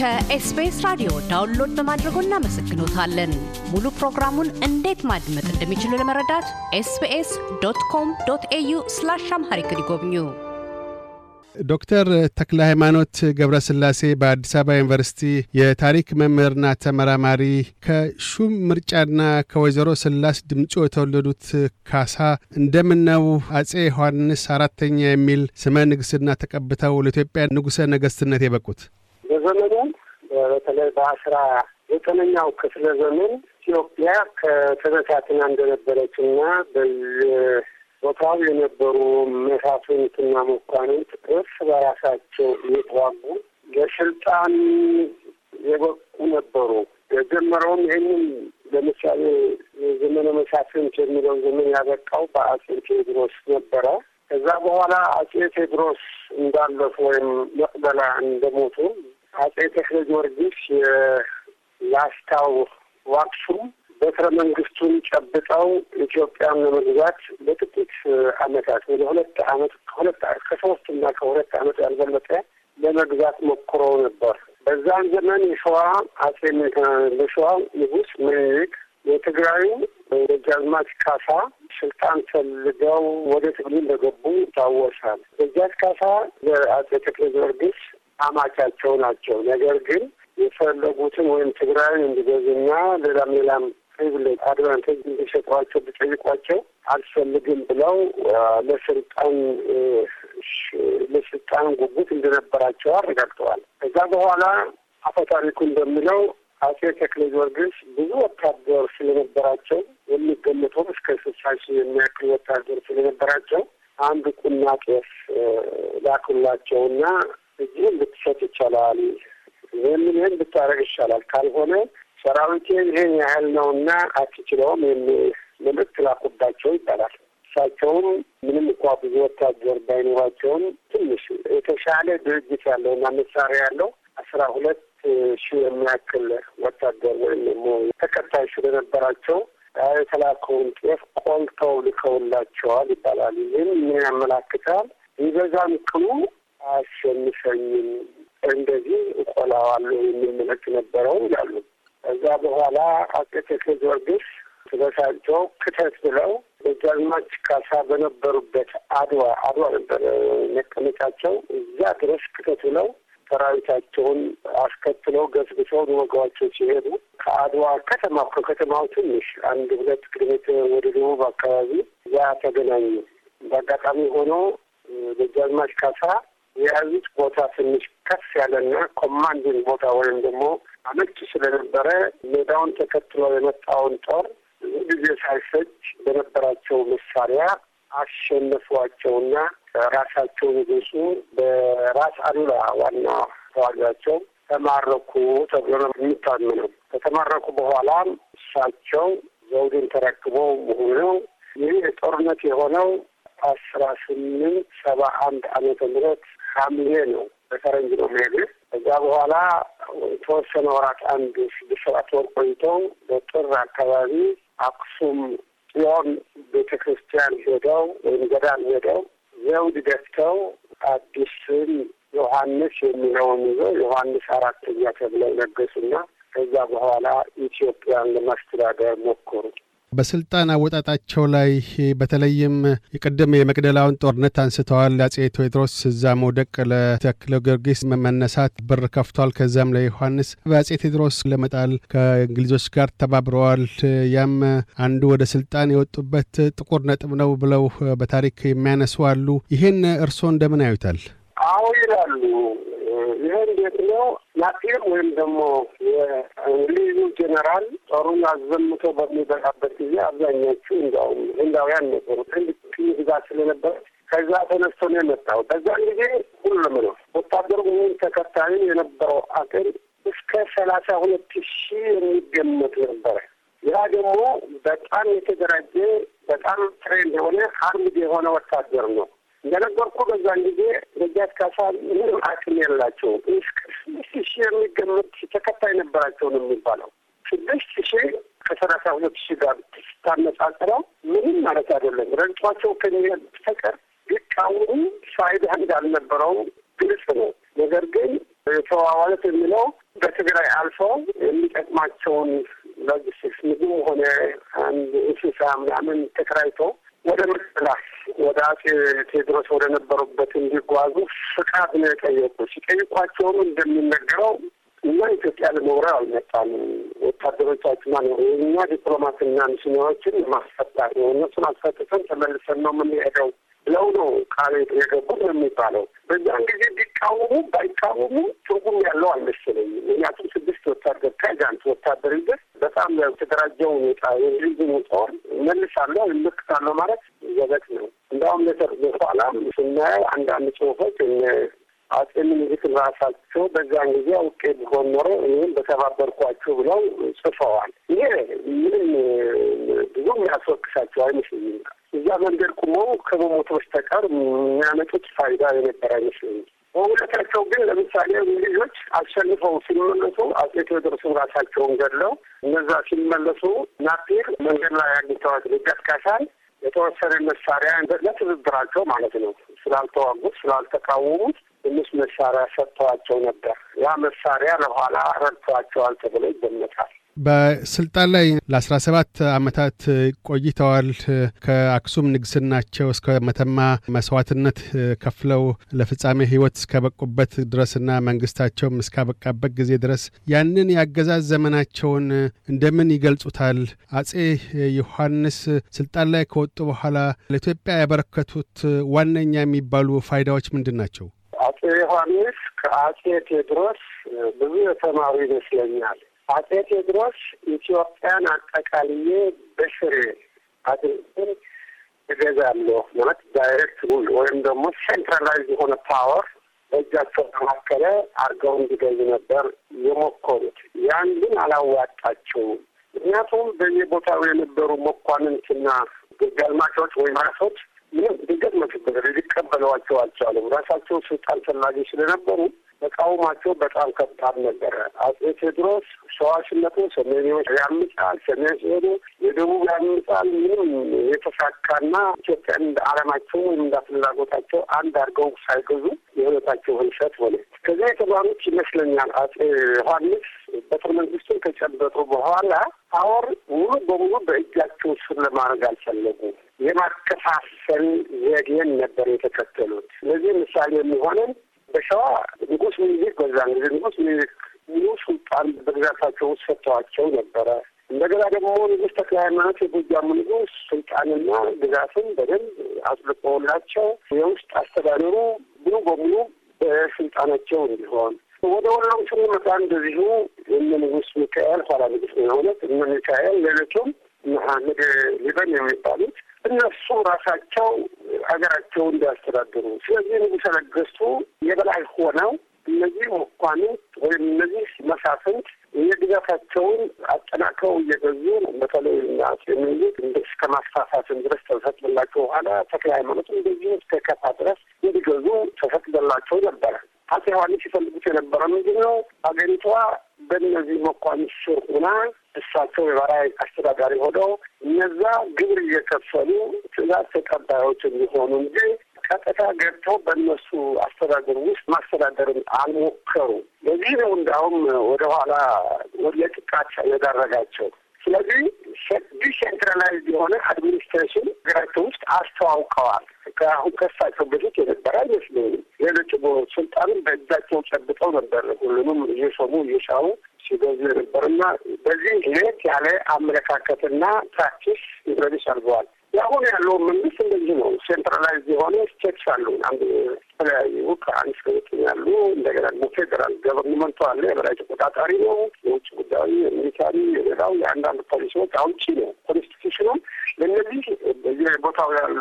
ከኤስቢኤስ ራዲዮ ዳውንሎድ በማድረጎ እናመሰግኖታለን። ሙሉ ፕሮግራሙን እንዴት ማድመጥ እንደሚችሉ ለመረዳት ኤስቢኤስ ዶት ኮም ዶት ኤዩ ስላሽ አምሃሪክ ይጎብኙ። ዶክተር ተክለ ሃይማኖት ገብረስላሴ በአዲስ አበባ ዩኒቨርሲቲ የታሪክ መምህርና ተመራማሪ ከሹም ምርጫና ከወይዘሮ ስላስ ድምፁ የተወለዱት ካሳ እንደምን ነው አጼ ዮሐንስ አራተኛ የሚል ስመ ንግስና ተቀብተው ለኢትዮጵያ ንጉሠ ነገሥትነት የበቁት? የዘመኑን በተለይ በአስራ ዘጠነኛው ክፍለ ዘመን ኢትዮጵያ ከተበታትና እንደነበረች እና በየቦታው የነበሩ መሳፍንትና መኳንንት እርስ በራሳቸው እየተዋጉ ለስልጣን የበቁ ነበሩ። የጀመረውም ይህንን ለምሳሌ የዘመነ መሳፍንት የሚለው ዘመን ያበቃው በአጼ ቴዎድሮስ ነበረ። ከዛ በኋላ አጼ ቴዎድሮስ እንዳለፉ ወይም መቅበላ እንደሞቱ አጼ ተክለ ጊዮርጊስ የላስታው ዋቅሱ በትረ መንግስቱን ጨብጠው ኢትዮጵያን ለመግዛት በጥቂት አመታት ወደ ሁለት አመት ከሁለት ከሶስት እና ከሁለት አመት ያልበለጠ ለመግዛት ሞክረው ነበር። በዛን ዘመን የሸዋ አጼ ለሸዋ ንጉስ ምኒልክ የትግራዩ ደጃዝማች ካሳ ስልጣን ፈልገው ወደ ትግሉ እንደገቡ ይታወሳል። ደጃዝ ካሳ ለአጼ ተክለ ጊዮርጊስ አማቻቸው ናቸው። ነገር ግን የፈለጉትን ወይም ትግራይን እንዲገዙና ሌላም ሌላም ፕሪቪሌጅ አድቫንቴጅ እንዲሰጧቸው ቢጠይቋቸው አልፈልግም ብለው ለስልጣን ለስልጣን ጉጉት እንደነበራቸው አረጋግጠዋል። ከዛ በኋላ አፈታሪኩ እንደሚለው አጼ ተክለ ጊዮርጊስ ብዙ ወታደር ስለነበራቸው የሚገምተው እስከ ስልሳ ሺህ የሚያክል ወታደር ስለነበራቸው አንድ ቁና ጤፍ ላኩላቸውና እጅህን ብትሰጥ ይቻላል፣ ይህምን ይህን ብታደረግ ይቻላል፣ ካልሆነ ሰራዊቴ ይህን ያህል ነውና አትችለውም የሚል መልእክት ላኩባቸው ይባላል። እሳቸውም ምንም እንኳ ብዙ ወታደር ባይኖራቸውም ትንሽ የተሻለ ድርጅት ያለው እና መሳሪያ ያለው አስራ ሁለት ሺህ የሚያክል ወታደር ወይም ደግሞ ተከታይ ስለነበራቸው የተላከውን ጤፍ ቆልተው ልከውላቸዋል ይባላል። ይህም ምን ያመላክታል? ይበዛም ቅሉ አሸንፈኝም እንደዚህ እቆላዋለሁ የሚል መልዕክት ነበረው ይላሉ። እዛ በኋላ አጼ ቴዎድሮስ ጊዮርጊስ ተበሳጭተው ክተት ብለው ደጃዝማች ካሳ በነበሩበት አድዋ አድዋ ነበር መቀመጫቸው። እዛ ድረስ ክተት ብለው ሰራዊታቸውን አስከትለው ገስግሰው ሊወጓቸው ሲሄዱ ከአድዋ ከተማ ከከተማው ትንሽ አንድ ሁለት ኪሎ ሜትር ወደ ደቡብ አካባቢ ያ ተገናኙ። በአጋጣሚ ሆኖ ደጃዝማች ካሳ የያዙት ቦታ ትንሽ ከፍ ያለና ኮማንዲንግ ቦታ ወይም ደግሞ አመች ስለነበረ ሜዳውን ተከትሎ የመጣውን ጦር ብዙ ጊዜ ሳይፈጅ በነበራቸው መሳሪያ አሸነፏቸውና ራሳቸውን ንጉሱ በራስ አሉላ ዋና ተዋጊያቸው ተማረኩ ተብሎ ነው የሚታመነው። ከተማረኩ በኋላ እሳቸው ዘውድን ተረክበው መሆነው ይህ ጦርነት የሆነው አስራ ስምንት ሰባ አንድ አመተ ምህረት ሐምሌ ነው በፈረንጅ ነው መሄድ። ከዛ በኋላ የተወሰነ ወራት አንድ ስድስት ሰባት ወር ቆይተው በጥር አካባቢ አክሱም ጽዮን ቤተ ክርስቲያን ሄደው ወይም ገዳም ሄደው ዘውድ ደፍተው አዲስን ዮሐንስ የሚለውን ይዞ ዮሐንስ አራተኛ ተብለው ነገሱና ከዛ በኋላ ኢትዮጵያን ለማስተዳደር ሞከሩ። በስልጣን አወጣጣቸው ላይ በተለይም የቀደም የመቅደላውን ጦርነት አንስተዋል። አጼ ቴዎድሮስ እዛ መውደቅ ለተክለ ጊዮርጊስ መነሳት በር ከፍቷል። ከዛም ለዮሐንስ በአጼ ቴዎድሮስ ለመጣል ከእንግሊዞች ጋር ተባብረዋል። ያም አንዱ ወደ ስልጣን የወጡበት ጥቁር ነጥብ ነው ብለው በታሪክ የሚያነሱ አሉ። ይህን እርስዎ እንደምን ያዩታል? አዎ ይላሉ። ይህ እንዴት ነው ያጤር ወይም ደግሞ የእንግሊዙ ጄኔራል ጦሩን አዘምቶ በሚበቃበት ጊዜ አብዛኞቹ እንዲያውም ህንዳውያን ነበሩ። ትልቅ ግዛት ስለነበረች ከዛ ተነስቶ ነው የመጣው። በዛን ጊዜ ሁሉም ነው ወታደሩ ይህን ተከታዩ የነበረው አቅም እስከ ሰላሳ ሁለት ሺህ የሚገመት ነበረ። ያ ደግሞ በጣም የተደራጀ በጣም ትሬንድ የሆነ አርምድ የሆነ ወታደር ነው። እንደነገርኩ በዛን ጊዜ ደጃች ካሳ ምንም አቅም የላቸውም። እስከ ስድስት ሺህ የሚገመት ተከታይ ነበራቸው ነው የሚባለው ስድስት ሺህ ከሰላሳ ሁለት ሺህ ጋር ስታነጻጽረው ምንም ማለት አይደለም። ረግጧቸው ከሚሄድ በስተቀር ቢቃወሙ ፋይዳ እንዳልነበረው ግልጽ ነው። ነገር ግን የተዋዋለት የሚለው በትግራይ አልፎ የሚጠቅማቸውን ሎጂስቲክስ ምግብ ሆነ አንድ እንስሳ ምናምን ተከራይቶ ወደ ምላስ ወደ አጼ ቴዎድሮስ ወደ ነበሩበት እንዲጓዙ ፍቃድ ነው የጠየቁ። ሲጠይቋቸውም እንደሚነገረው እና ኢትዮጵያ ለመውረር አልመጣም ወታደሮቻችን ማነ የእኛ ዲፕሎማትና ሚሽነሮችን ማስፈታት ነው። እነሱን አስፈጥተን ተመልሰን ነው የምንሄደው ብለው ነው ቃል የገቡ ነው የሚባለው። በዛን ጊዜ ቢቃወሙ ባይቃወሙ ትርጉም ያለው አልመሰለኝም። ምክንያቱም ስድስት ወታደር ከጃንት ወታደር ይዘህ በጣም የተደራጀው ወጣ የህዝብን ጦር መልሳለሁ ይመክታለሁ ማለት ዘበት ነው። እንዲሁም ለተር በኋላም ስናየው አንዳንድ ጽሁፎች አጼ ምኒልክን ራሳቸው በዛን ጊዜ አውቄ ቢሆን ኖሮ እኔም በተባበርኳቸው ብለው ጽፈዋል። ይሄ ምንም ብዙ የሚያስወቅሳቸው አይመስለኝም። እዛ መንገድ ቁመው ከመሞት በስተቀር የሚያመጡት ፋይዳ የነበር አይመስለኝም። በእውነታቸው ግን ለምሳሌ እንግሊዞች አሸንፈው ሲመለሱ አጼ ቴዎድሮስን ራሳቸውን ገድለው እነዛ ሲመለሱ ናፒር መንገድ ላይ ያግኝተዋት ይቀስቃሻል የተወሰነ መሳሪያ ለትብብራቸው ማለት ነው ስላልተዋጉት ስላልተቃወሙት ትንሽ መሳሪያ ሰጥተዋቸው ነበር። ያ መሳሪያ ለኋላ ረድተዋቸዋል ተብሎ ይገመታል። በስልጣን ላይ ለአስራ ሰባት አመታት ቆይተዋል። ከአክሱም ንግስናቸው እስከ መተማ መስዋዕትነት ከፍለው ለፍጻሜ ህይወት እስከበቁበት ድረስና መንግስታቸውም እስካበቃበት ጊዜ ድረስ ያንን የአገዛዝ ዘመናቸውን እንደምን ይገልጹታል? አጼ ዮሐንስ ስልጣን ላይ ከወጡ በኋላ ለኢትዮጵያ ያበረከቱት ዋነኛ የሚባሉ ፋይዳዎች ምንድን ናቸው? ዮሐንስ ከአጼ ቴዎድሮስ ብዙ የተማሩ ይመስለኛል። አጼ ቴዎድሮስ ኢትዮጵያን አጠቃልዬ በስሬ አድርገን እገዛለሁ ማለት ዳይሬክት ሩል ወይም ደግሞ ሴንትራላይዝ የሆነ ፓወር በእጃቸው ተማከለ አድርገው እንዲገዙ ነበር የሞከሩት። ያን ግን አላዋጣቸውም። ምክንያቱም በየቦታው የነበሩ መኳንንትና ገልማቾች ወይም አሶች ምንም ድንገት ነው ችግር ሊቀበለዋቸው አልቻሉም። ራሳቸው ስልጣን ፈላጊ ስለነበሩ ተቃውሟቸው በጣም ከባድ ነበረ። አጼ ቴዎድሮስ ሸዋሽነቱ ሰሜን ያምጻል፣ ሰሜን ሲሄዱ የደቡብ ያምጻል። ምንም የተሳካና ኢትዮጵያ እንደ አለማቸው ወይም ፍላጎታቸው አንድ አድርገው ሳይገዙ የህይወታቸው ህልፈት ሆነ። ከዚያ የተባሉት ይመስለኛል አጼ ዮሐንስ በጥር መንግስቱን ከጨበጡ በኋላ ፓወር ሙሉ በሙሉ በእጃቸው ስር ለማድረግ አልፈለጉ። የማከፋፈል ዘዴን ነበር የተከተሉት። ስለዚህ ምሳሌ የሚሆነን በሸዋ ንጉስ ምኒልክ በዛን ጊዜ ንጉስ ምኒልክ ሙሉ ስልጣን በግዛታቸው ውስጥ ሰጥተዋቸው ነበረ። እንደገና ደግሞ ንጉስ ተክለ ሃይማኖት የጎጃሙ ንጉስ ስልጣንና ግዛትን በደንብ አጽድቆላቸው የውስጥ አስተዳደሩ ሙሉ በሙሉ በስልጣናቸው እንዲሆን ወደ ወሎም ስንመጣ እንደዚሁ እነ ንጉስ ሚካኤል ኋላ ንጉስ የሆነት እነ ሚካኤል ሌሎቹም መሐመድ ሊበን የሚባሉት እነሱም ራሳቸው ሀገራቸውን እንዲያስተዳድሩ። ስለዚህ ንጉሠ ነገሥቱ የበላይ ሆነው እነዚህ መኳንንት ወይም እነዚህ መሳፍንት የግዛታቸውን አጠናክረው እየገዙ በተለይ አፄ ምኒልክ እስከ ማስፋፋትን ድረስ ተፈቅዶላቸው በኋላ ተክለ ሃይማኖት እንደዚህ እስከ ከፋ ድረስ እንዲገዙ ተፈቅዶላቸው ነበረ። አጼ ዮሐንስ ሲፈልጉት የነበረ ምንድን ነው? ሀገሪቷ በእነዚህ መኳንንት ስር ሆና እሳቸው የበላይ አስተዳዳሪ ሆነው እነዛ ግብር እየከፈሉ ትእዛዝ ተቀባዮች እንዲሆኑ እንጂ ቀጥታ ገብተው በእነሱ አስተዳደር ውስጥ ማስተዳደርን አልሞከሩ። በዚህ ነው እንዳሁም ወደኋላ ወደ ጥቃት የዳረጋቸው። ስለዚህ ዲሴንትራላይዝድ የሆነ አድሚኒስትሬሽን ሀገራቸው ውስጥ አስተዋውቀዋል። ከአሁን ከሳቸው በፊት የነበረ አይመስለኝም። ሌሎች ስልጣንም በእጃቸው ጨብጠው ነበር። ሁሉንም እየሰሙ እየሻሙ ሲገዙ የነበር እና በዚህ ለየት ያለ አመለካከትና ፕራክቲስ ይረድስ አድርገዋል። የአሁን ያለው መንግስት እንደዚህ ነው። ሴንትራላይዝ የሆነ ስቴትስ አሉ። አንድ የተለያዩ ከአንድ እስከ ዘጠኝ ያሉ እንደገና ደግሞ ፌዴራል ገቨርንመንቱ አለ። የበላይ ተቆጣጣሪ ነው። የውጭ ጉዳዩ፣ የሚሊታሪ፣ የሌላው የአንዳንድ ፖሊሲዎች አውጪ ነው። ኮንስቲቱሽኑም ለእነዚህ በዚህ ቦታው ያሉ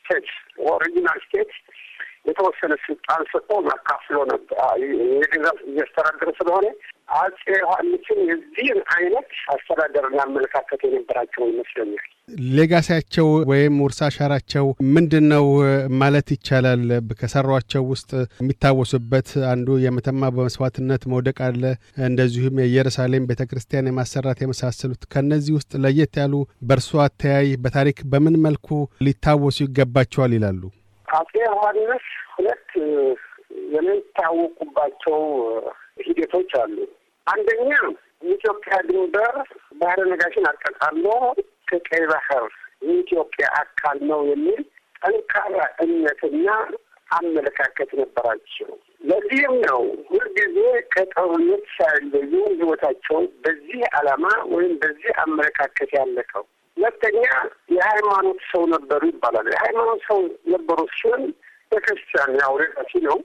ስቴትስ ኦሪጂናል ስቴትስ የተወሰነ ስልጣን ሰጥቶ ማካፍሎ ነበር። የገንዘብ እያስተዳደረ ስለሆነ አጼ ዮሐንስን የዚህን አይነት አስተዳደርና አመለካከት የነበራቸው ይመስለኛል። ሌጋሲያቸው ወይም ውርሳ አሻራቸው ምንድን ነው ማለት ይቻላል? ከሰሯቸው ውስጥ የሚታወሱበት አንዱ የመተማ በመስዋዕትነት መውደቅ አለ። እንደዚሁም የኢየሩሳሌም ቤተ ክርስቲያን የማሰራት የመሳሰሉት። ከእነዚህ ውስጥ ለየት ያሉ በእርሶ አተያይ በታሪክ በምን መልኩ ሊታወሱ ይገባቸዋል ይላሉ? አጼ ዮሐንስ ሁለት የሚታወቁባቸው ሂደቶች አሉ። አንደኛ የኢትዮጵያ ድንበር ባህረ ነጋሽን አጠቃሎ ከቀይ ባህር የኢትዮጵያ አካል ነው የሚል ጠንካራ እምነትና አመለካከት ነበራቸው። ለዚህም ነው ሁልጊዜ ከጦርነት ሳይለዩ ሕይወታቸው በዚህ ዓላማ ወይም በዚህ አመለካከት ያለቀው። ሁለተኛ የሃይማኖት ሰው ነበሩ ይባላል። የሃይማኖት ሰው ነበሩ ሲሆን ቤተክርስቲያን ያው ርቀቱ ነው።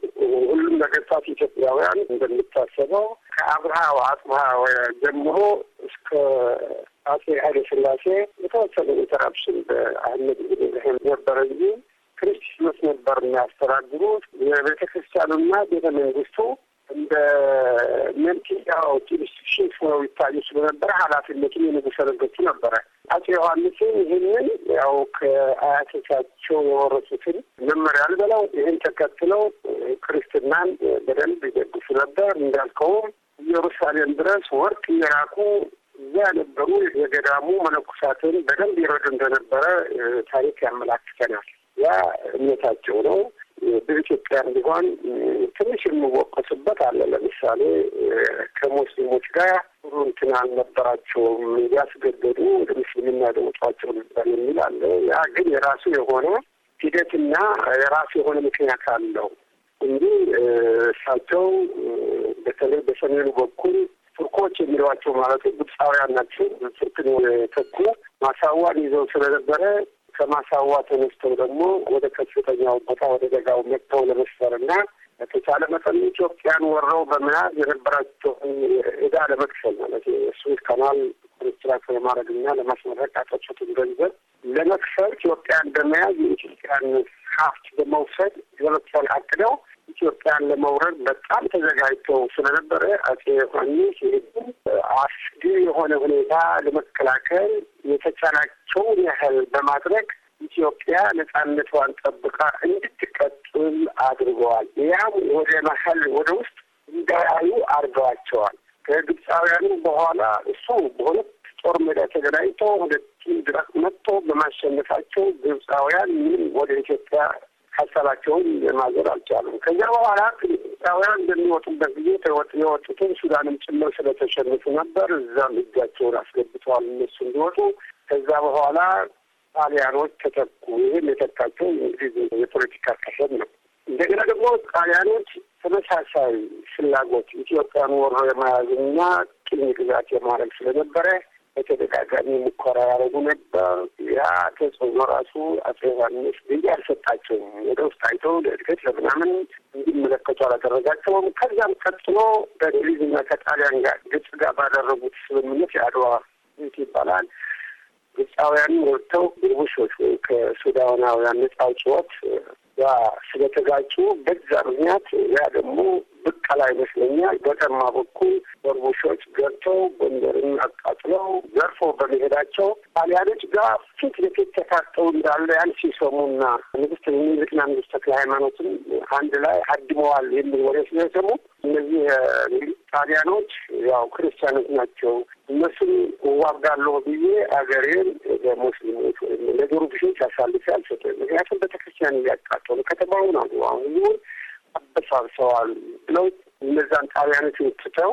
ሁሉም ነገስታት ኢትዮጵያውያን እንደምታሰበው ከአብርሃ ወአጽብሃ ጀምሮ እስከ አጼ ኃይለ ሥላሴ የተወሰነ ኢንተራፕሽን በአህመድ ኢብራሂም ነበረ እንጂ ክርስቲያኖች ነበር የሚያስተዳድሩት። የቤተ ክርስቲያኑና ቤተ መንግስቱ እንደ መንትያዎች ኢንስቲቱሽን ሆነው ይታዩ ስለነበረ ኃላፊነቱን የንጉሠ ነገሥቱ ነበረ። አጼ ዮሐንስም ይህንን ያው ከአያቶቻቸው የወረሱትን መመሪያ አልበለው ይህን ተከትለው ክርስትናን በደንብ ይደግፉ ነበር። እንዳልከውም ኢየሩሳሌም ድረስ ወርቅ እየላኩ እዚያ የነበሩ የገዳሙ መነኮሳትን በደንብ ይረዱ እንደነበረ ታሪክ ያመላክተናል። ያ እምነታቸው ነው። በኢትዮጵያ እንዲሆን ትንሽ የምወቀስበት አለ። ለምሳሌ ከሙስሊሞች ጋር ጥሩ እንትን አልነበራቸውም እያስገደዱ ወደ ሙስሊምና ነበር የሚል አለ። ያ ግን የራሱ የሆነ ሂደትና የራሱ የሆነ ምክንያት አለው እንጂ እሳቸው በተለይ በሰሜኑ በኩል ቱርኮች የሚለዋቸው ማለት ግብፃውያን ናቸው። ቱርክን ተኩ ማሳዋን ይዘው ስለነበረ ከማሳዋ ተነስተው ደግሞ ወደ ከፍተኛው ቦታ ወደ ደጋው መጥተው ለመስፈር እና በተቻለ መጠን ኢትዮጵያን ወረው በመያዝ የነበራቸውን እዳ ለመክፈል ማለት እሱን ካናል ኮንስትራክት ለማድረግ እና ለማስመረቅ ያጠጡትን ገንዘብ ለመክፈል ኢትዮጵያን በመያዝ የኢትዮጵያን ሀብት በመውሰድ ለመክፈል አቅደው ኢትዮጵያን ለመውረድ በጣም ተዘጋጅተው ስለነበረ አጼ ዮሐንስ ይህን አስጊ የሆነ ሁኔታ ለመከላከል የተቻላቸውን ያህል በማድረግ ኢትዮጵያ ነጻነቷን ጠብቃ እንድትቀጥል አድርገዋል። ያም ወደ መሀል ወደ ውስጥ እንዳያዩ አድርገዋቸዋል። ከግብፃውያኑ በኋላ እሱ በሁለት ጦር ሜዳ ተገናኝቶ ሁለቱም ድረስ መጥቶ በማሸነፋቸው ግብፃውያን ምንም ወደ ኢትዮጵያ ሀሳባቸውን ማዞር አልቻሉም። ከዚያ በኋላ ኢትዮጵያውያን እንደሚወጡበት ጊዜ የወጡትን ሱዳንም ጭምር ስለተሸንፉ ነበር። እዛም እጃቸውን አስገብተዋል እነሱ እንዲወጡ። ከዛ በኋላ ጣሊያኖች ተተኩ። ይህም የተካቸው እንግዲህ የፖለቲካ ከሰብ ነው። እንደገና ደግሞ ጣሊያኖች ተመሳሳይ ፍላጎት ኢትዮጵያን ወሮ የመያዝና ቅኝ ግዛት የማድረግ ስለነበረ በተደጋጋሚ ሙከራ ያደረጉ ነበር። ያ ተጽዕኖ ራሱ አጼ ዮሐንስ ብዬ አልሰጣቸውም። ወደ ውስጥ አይተው ለእድገት ለምናምን እንዲመለከቱ አላደረጋቸውም። ከዛም ቀጥሎ በእንግሊዝና ከጣሊያን ጋር ግብጽ ጋር ባደረጉት ስምምነት የአድዋ ይባላል ግብፃውያን ወጥተው ግርቡሾች ወይ ከሱዳናውያን ነጻ አውጪዎች ስለተጋጩ በዛ ምክንያት ያ ደግሞ ብቀላ ይመስለኛል። በጠማ በኩል ወርቡሾች ገብተው ጎንደርን አቃጥለው ዘርፎ በመሄዳቸው ጣሊያኖች ጋር ፊት ለፊት ተካተው እንዳለ ያን ሲሰሙና ንግስት ሚኒልክና ንጉሥ ተክለ ሃይማኖትም አንድ ላይ አድመዋል የሚል ወሬ ስለሰሙ እነዚህ ጣሊያኖች ያው ክርስቲያኖች ናቸው እነሱም እዋጋለሁ ብዬ አገሬን ለሙስሊሞች ወይም ለዶሮ ብሾች አሳልፌ አልሰጠ። ምክንያቱም ቤተክርስቲያን እያቃጠሉ ከተማውን አሉ አሁን ይሁን አበሳብሰዋል ብለው እነዛን ጣሊያኖች ወጥተው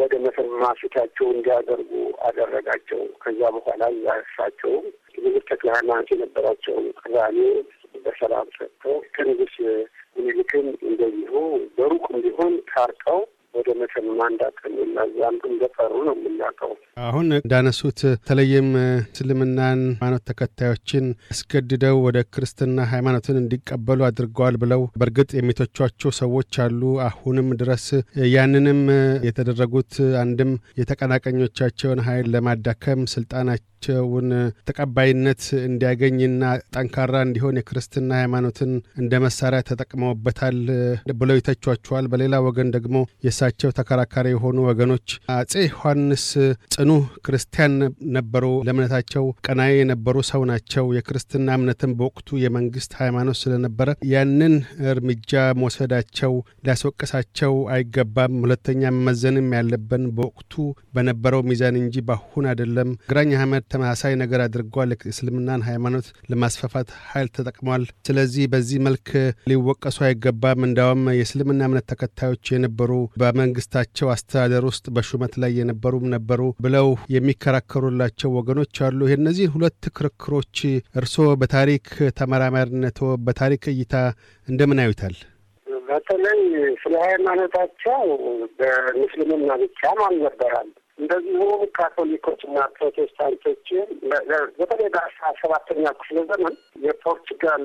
ወደ መሰብ ማስታቸው እንዲያደርጉ አደረጋቸው። ከዛ በኋላ እሳቸውም ንጉሥ ተክለ ሃይማኖት የነበራቸውን ቅዛሜ በሰላም ሰጥተው ከንጉሥ ምኒልክም እንደዚሁ በሩቅ እንዲሆን ታርቀው ወደ መተማ እንዳቀኑና እዛም እንደጠሩ ነው የምናውቀው። አሁን እንዳነሱት በተለይም እስልምናን ሃይማኖት ተከታዮችን አስገድደው ወደ ክርስትና ሃይማኖትን እንዲቀበሉ አድርገዋል ብለው በእርግጥ የሚተቿቸው ሰዎች አሉ አሁንም ድረስ። ያንንም የተደረጉት አንድም የተቀናቃኞቻቸውን ኃይል ለማዳከም ስልጣናቸው ቸውን ተቀባይነት እንዲያገኝና ጠንካራ እንዲሆን የክርስትና ሃይማኖትን እንደ መሳሪያ ተጠቅመውበታል ብለው ይተቿቸዋል። በሌላ ወገን ደግሞ የእሳቸው ተከራካሪ የሆኑ ወገኖች አጼ ዮሐንስ ጽኑ ክርስቲያን ነበሩ፣ ለእምነታቸው ቀናዬ የነበሩ ሰው ናቸው። የክርስትና እምነትን በወቅቱ የመንግስት ሃይማኖት ስለነበረ ያንን እርምጃ መውሰዳቸው ሊያስወቅሳቸው አይገባም። ሁለተኛ መመዘንም ያለብን በወቅቱ በነበረው ሚዛን እንጂ በአሁን አይደለም። ግራኝ አህመድ ተመሳሳይ ነገር አድርጓል። እስልምናን ሃይማኖት ለማስፋፋት ኃይል ተጠቅሟል። ስለዚህ በዚህ መልክ ሊወቀሱ አይገባም። እንዳውም የእስልምና እምነት ተከታዮች የነበሩ በመንግስታቸው አስተዳደር ውስጥ በሹመት ላይ የነበሩም ነበሩ ብለው የሚከራከሩላቸው ወገኖች አሉ። እነዚህን ሁለት ክርክሮች እርስዎ በታሪክ ተመራማሪነቶ በታሪክ እይታ እንደምን አዩታል? በተለይ ስለ ሃይማኖታቸው በምስልምና ብቻም አልነበራል እንደዚሁም ካቶሊኮችና ፕሮቴስታንቶች በተለይ በአስራ ሰባተኛ ክፍለ ዘመን የፖርቱጋል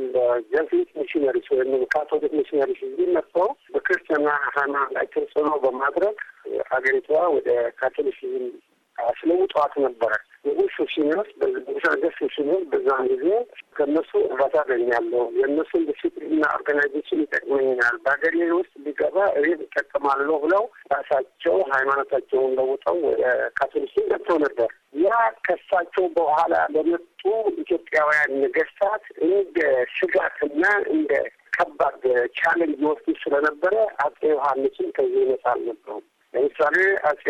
ጀዝዊት ሚሽነሪስ ወይም ካቶሊክ ሚሽነሪስ እዚህ መጥተው በክርስትና ሃይማኖት ላይ ተጽዕኖ በማድረግ ሀገሪቷ ወደ ካቶሊሲዝም ስለው ጠዋት ነበረ ይህ ሱሲኒዎች ደስ ሲኖር በዛን ጊዜ ከእነሱ እርባታ አገኛለሁ፣ የእነሱ ዲሲፕሊንና ኦርጋናይዜሽን ይጠቅመኛል፣ በሀገሬ ውስጥ ቢገባ እኔ ይጠቀማለሁ ብለው ራሳቸው ሃይማኖታቸውን ለውጠው ወደ ካቶሊክ ገብተው ነበር። ያ ከሳቸው በኋላ ለመጡ ኢትዮጵያውያን ነገስታት እንደ ስጋትና እንደ ከባድ ቻለንጅ ወስዱ ስለነበረ አጼ ዮሐንስን ከዚህ ይነሳ ነበሩ። ለምሳሌ አጼ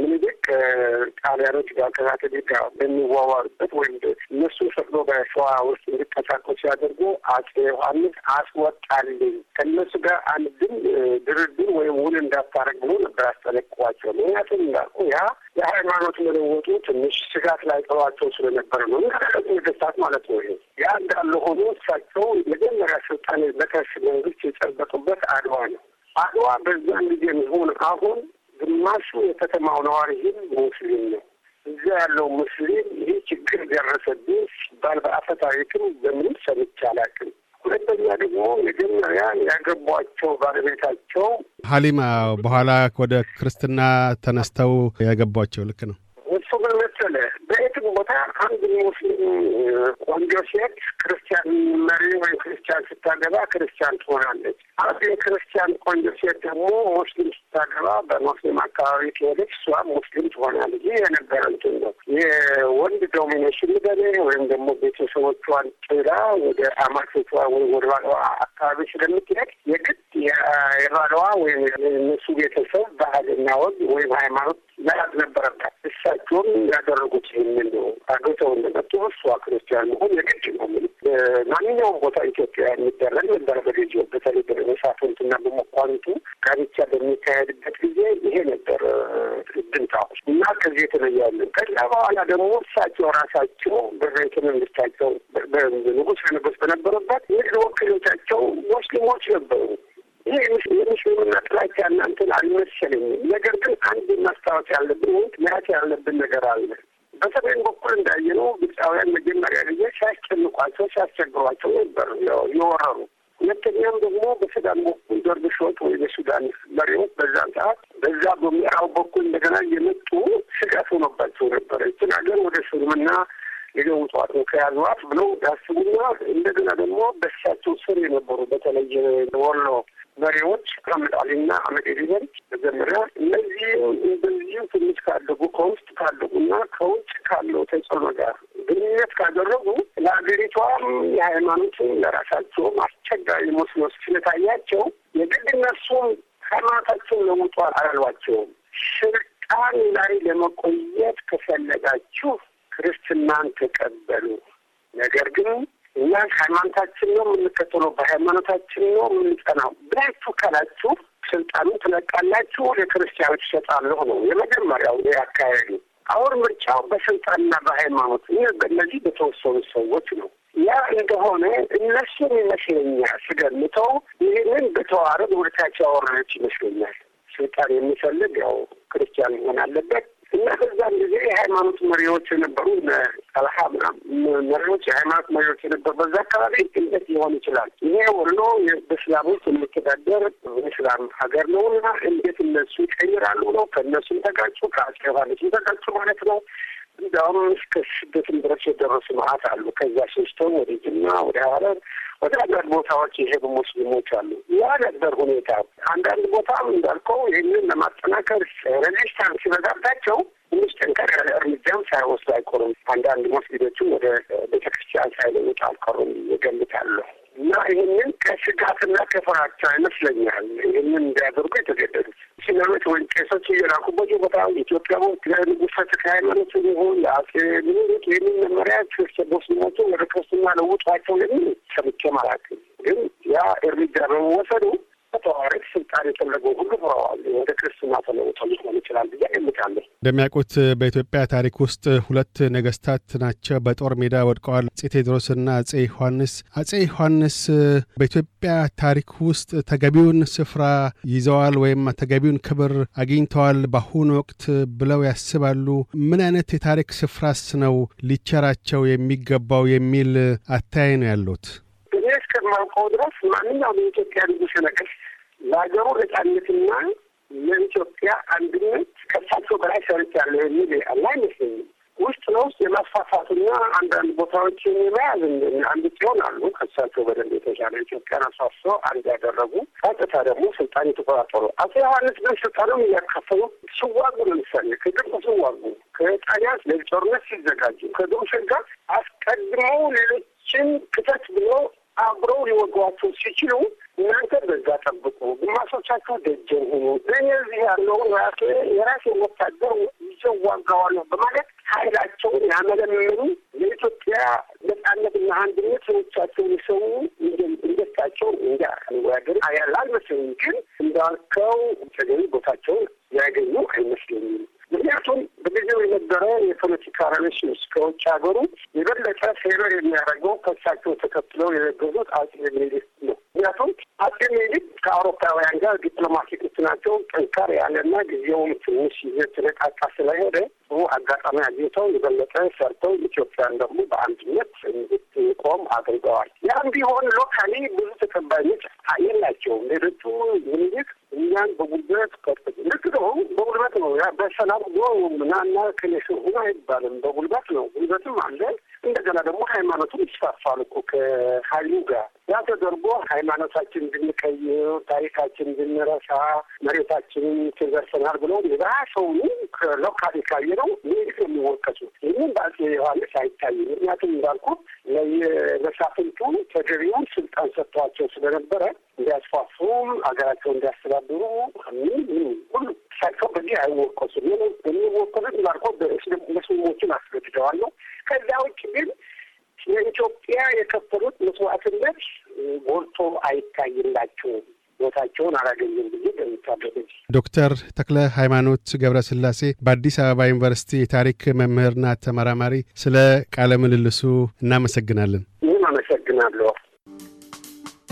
ምኒልክ ጣሊያኖች ጋር ከካቶሊክ ጋር በሚዋዋሩበት ወይም እነሱ ፈቅዶ በሸዋ ውስጥ እንዲቀሳቀሱ ሲያደርጉ አጼ ዮሐንስ አስወጣልኝ ከእነሱ ጋር አንድም ድርድር ወይም ውል እንዳታረግ ብሎ ነበር አስጠነቅቋቸው። ምክንያቱም እንዳልኩ ያ የሃይማኖት መለወጡ ትንሽ ስጋት ላይ ጥሏቸው ስለነበረ ነው። ነገስታት ማለት ነው። ይሄ ያ እንዳለ ሆኖ እሳቸው መጀመሪያ ስልጣን በከሽ መንግስት የጨበጡበት አድዋ ነው። አድዋ በዛን ጊዜ የሚሆን አሁን ግማሹ የከተማው ነዋሪ ግን ሙስሊም ነው። እዛ ያለው ሙስሊም ይህ ችግር ደረሰብኝ ሲባል በአፈ ታሪክም በምንም ሰምቼ አላውቅም። ሁለተኛ ደግሞ መጀመሪያ ያገቧቸው ባለቤታቸው ሀሊማ፣ በኋላ ወደ ክርስትና ተነስተው ያገቧቸው ልክ ነው እሱ ምን በየትም ቦታ አንድ ሙስሊም ቆንጆ ሴት ክርስቲያን መሪ ወይም ክርስቲያን ስታገባ ክርስቲያን ትሆናለች። አንድ የክርስቲያን ቆንጆ ሴት ደግሞ ሙስሊም ስታገባ በሙስሊም አካባቢ ትሄደች፣ እሷ ሙስሊም ትሆናለች። ይህ የነበረ እንትን ነው የወንድ ዶሚኔሽን በኔ ወይም ደግሞ ቤተሰቦቿን ጥላ ወደ አማቶቿ ወይ ወደ ባለዋ አካባቢ ስለምትሄድ የግድ የባለዋ ወይም የእነሱ ቤተሰብ ባህልና ወግ ወይም ሃይማኖት መያዝ ነበረባት እሳቸው ሁሉም ያደረጉት። ይህንን ነው አግብተው እንደመጡ እሷ ክርስቲያን መሆን የግድ ነው። ምን በማንኛውም ቦታ ኢትዮጵያ የሚደረግ ነበረ በጊዜው በተለይ በመሳፍንትና በመኳንቱ ጋብቻ በሚካሄድበት ጊዜ ይሄ ነበር ድንታዎች እና ከዚህ የተለያለ ከዚያ በኋላ ደግሞ እሳቸው ራሳቸው በቤተ መንግስታቸው ንጉሥ ንጉሥ በነበሩበት ይህ ወክሎቻቸው ሙስሊሞች ነበሩ። ይሄ የሙስሊምና ጥላቻ እናንትን አልመሰለኝም። ነገር ግን አንድ ማስታወስ ያለብን ያለብን ነገር አለ። በሰሜን በኩል እንዳየነው ግብፃውያን መጀመሪያ ጊዜ ሲያስጨንቋቸው ሲያስቸግሯቸው ነበር የወረሩ። ሁለተኛም ደግሞ በሱዳን በኩል ወይ መሪዎች ሰዓት በዛ በምዕራብ በኩል እንደገና እየመጡ ስጋት ሆኖባቸው ነበር። ሀገር ወደ ነው ከያዟት ብለው ያስቡና እንደገና ደግሞ በሳቸው ስር የነበሩ በተለየ ወሎ መሪዎች አሊና አመጣሌና አመጤሊበር መጀመሪያ እነዚህ እንደዚሁ ትንሽ ካደጉ ከውስጥ እና ከውጭ ካለው ተጽዕኖ ጋር ግንኙነት ካደረጉ ለሀገሪቷም የሃይማኖትን ለራሳቸውም አስቸጋሪ መስኖ ስለታያቸው የግድ እነሱም ሃይማኖታቸውን ለውጡ አላሏቸውም። ስልጣን ላይ ለመቆየት ከፈለጋችሁ ክርስትናን ተቀበሉ፣ ነገር ግን እኛ ሃይማኖታችን ነው የምንከተለው፣ በሃይማኖታችን ነው የምንጠናው ብላችሁ ካላችሁ ስልጣኑን ትለቃላችሁ፣ ለክርስቲያኖች ይሰጣለሁ ነው የመጀመሪያው አካሄዱ። አሁን ምርጫው በስልጣንና በሃይማኖት እነዚህ በተወሰኑ ሰዎች ነው። ያ እንደሆነ እነሱ ይመስለኛል ስገምተው ይህንን በተዋረድ ወደታች አወራች ይመስለኛል። ስልጣን የሚፈልግ ያው ክርስቲያን መሆን አለበት እና በዛም ጊዜ የሃይማኖት መሪዎች የነበሩ ጠልሃ ምናምን መሪዎች የሃይማኖት መሪዎች የነበሩ በዛ አካባቢ እንዴት ሊሆን ይችላል? ይሄ ወሎ በእስላሞች የሚተዳደር እስላም ሀገር ነው እና እንዴት እነሱ ይቀይራሉ ነው። ከእነሱም ተጋጩ፣ ከአጼ ዮሐንስም ተጋጩ ማለት ነው። እንዲሁም እስከ ስደትም ድረስ የደረሱ መሀት አሉ። ከዛ ሸሽተው ወደ ጅማ፣ ወደ ሀረር፣ ወደ አንዳንድ ቦታዎች የሄዱ ሙስሊሞች አሉ። ያ ነበር ሁኔታ። አንዳንድ ቦታም እንዳልከው ይህንን ለማጠናከር ሬዚስታንስ ሲበዛባቸው ትንሽ ጠንከር ያለ እርምጃም ሳይወስዱ አይቆርም። አንዳንድ መስጊዶችም ወደ ቤተክርስቲያን ሳይለውጡ አልቀሩም እገምታለሁ። እና ይህንን ከስጋትና ከፍራቻ ይመስለኛል ይህንን እንዲያደርጉ የተገደዱት ሲነሮች ወይም ቄሶች እየላኩ በጣም ቦታ ኢትዮጵያ ንጉሰ ተክለ ሃይማኖት ይሁን ለአጼ ምኒልክ ይህንን መመሪያ ቦስኒያቱ ወደ ክርስትና ለውጧቸው የሚል ሰምቼ አላውቅም። ግን ያ እርምጃ በመወሰዱ በተዋረድ ስልጣን የፈለገው ሁሉ ወደ ክርስትና ተለውጦ ሊሆን ይችላል ብዬ እንደሚያውቁት በኢትዮጵያ ታሪክ ውስጥ ሁለት ነገስታት ናቸው በጦር ሜዳ ወድቀዋል፣ አጼ ቴዎድሮስና አጼ ዮሐንስ። አጼ ዮሐንስ በኢትዮጵያ ታሪክ ውስጥ ተገቢውን ስፍራ ይዘዋል ወይም ተገቢውን ክብር አግኝተዋል በአሁኑ ወቅት ብለው ያስባሉ? ምን አይነት የታሪክ ስፍራስ ነው ሊቸራቸው የሚገባው የሚል አታይ ነው ያሉት። እስከማውቀው ድረስ ማንኛውም የኢትዮጵያ ልዩ ሸነቀስ ለሀገሩ ነጻነትና ለኢትዮጵያ አንድነት ከሳቸው በላይ ሰርቻለሁ የሚል አለ አይመስለኝም። ውስጥ ለውስጥ የማስፋፋትና አንዳንድ ቦታዎችን የመያዝ አንድ ሲሆን አሉ ከሳቸው በደንብ የተሻለ ኢትዮጵያን አስፋፍሰው አንድ ያደረጉ ቀጥታ ደግሞ ስልጣን የተቆጣጠሩ አቶ ዮሐንስ ግን ስልጣኑም እያካፈሉ ሲዋጉ ለምሳሌ ከግብጽ ሲዋጉ ከጣሊያን ለጦርነት ሲዘጋጁ ከዶምሽን ጋር አስቀድመው ሌሎችን ክተት ብሎ አብረው ሊወጓቸው ሲችሉ እናንተ በዛ ጠብቁ፣ ግማሾቻችሁ ደጀን ሁኑ፣ እነዚህ ያለውን ራሴ የራሴ ወታደር ይዘዋጋዋለሁ በማለት ኃይላቸውን ያመለመሉ የኢትዮጵያ ነጻነትና አንድነት ሰዎቻቸውን የሰው እንደታቸው እንዲ ወያገር ያለ አልመስለኝም። ግን እንዳልከው ተገቢ ቦታቸውን ያገኙ አይመስለኝም። ምክንያቱም በጊዜው የነበረ የፖለቲካ ሬሌሽንስ ከውጭ ሀገሩ የበለጠ ፌቨር የሚያደርገው ከእሳቸው ተከትለው የነገዙት አጼ ምኒልክ ነው። ምክንያቱም አጼ ምኒልክ ከአውሮፓውያን ጋር ዲፕሎማቲክ ናቸው። ጠንከር ያለና ጊዜውም ትንሽ የተነቃቃ ስለሄደ አጋጣሚ አግኝተው የበለጠ ሰርተው ኢትዮጵያን ደግሞ በአንድነት እንድትቆም አድርገዋል። ያም ቢሆን ሎካሊ ብዙ ተቀባይነት የላቸውም። ሌሎቹ ምኒልክ እኛን በጉልበት ቀጥል ልክ ነው። በጉልበት ነው። በሰላም ጎ ናና ክሌሽ ሁኖ አይባልም። በጉልበት ነው። ጉልበትም አለ እንደገና ደግሞ ሃይማኖቱን ይስፋፋል እኮ ከሀይሉ ጋር ያ ተደርጎ ሃይማኖታችን እንድንቀይር፣ ታሪካችን እንድንረሳ፣ መሬታችንን ትዘርሰናል ብለው የበረሃ ሰውኑ ከሎካል ካየነው ሚኒት የሚወቀሱት ይህንን በአፄ ዮሐንስ አይታይም። ምክንያቱም እንዳልኩ ለመሳፍንቱ ተገቢውን ስልጣን ሰጥቷቸው ስለነበረ እንዲያስፋፉም ሀገራቸው እንዲያስተዳድሩ ምን ሁሉ እሳቸው በዚህ አይወቀሱም። የሚወቀሱት እንዳልኩ ሙስሊሞችን አስገድደዋል ነው ከዚያ ዋጋ የከፈሉት መስዋዕትነት ጎልቶ አይታይላቸውም። ቦታቸውን አላገኘም ብዬ ገምታለሁ። ዶክተር ተክለ ሃይማኖት ገብረ ስላሴ በአዲስ አበባ ዩኒቨርሲቲ የታሪክ መምህርና ተመራማሪ፣ ስለ ቃለ ምልልሱ እናመሰግናለን። ይህም አመሰግናለሁ።